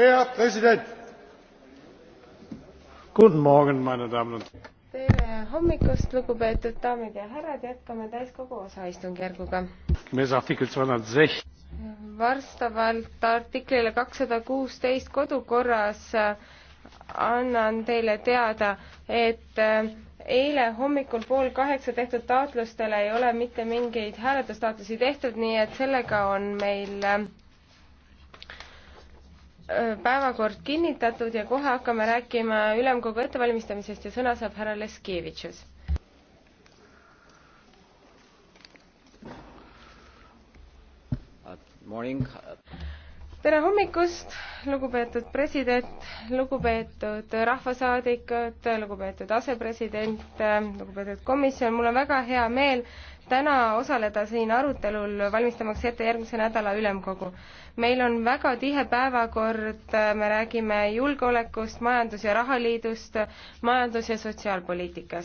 herr präsident! tere hommikust lugupeetud daamid ja härrad! jätkame täiskogu osaistungjärguga. vastavalt artiklile kodukorras äh, annan teile teada et äh, eile hommikul pool kaheksa tehtud taotlustele ei ole mitte mingeid hääletustaotlusi tehtud nii et sellega on meil äh, päevakord kinnitatud ja kohe hakkame rääkima ülemkogu ettevalmistamisest ja sõna saab härra Leskevitšus. Morning tere hommikust, lugupeetud president, lugupeetud rahvasaadikud, lugupeetud asepresident, lugupeetud komisjon, mul on väga hea meel täna osaleda siin arutelul, valmistamaks ette järgmise nädala ülemkogu. meil on väga tihe päevakord, me räägime julgeolekust, majandus- ja rahaliidust, majandus- ja sotsiaalpoliitikast.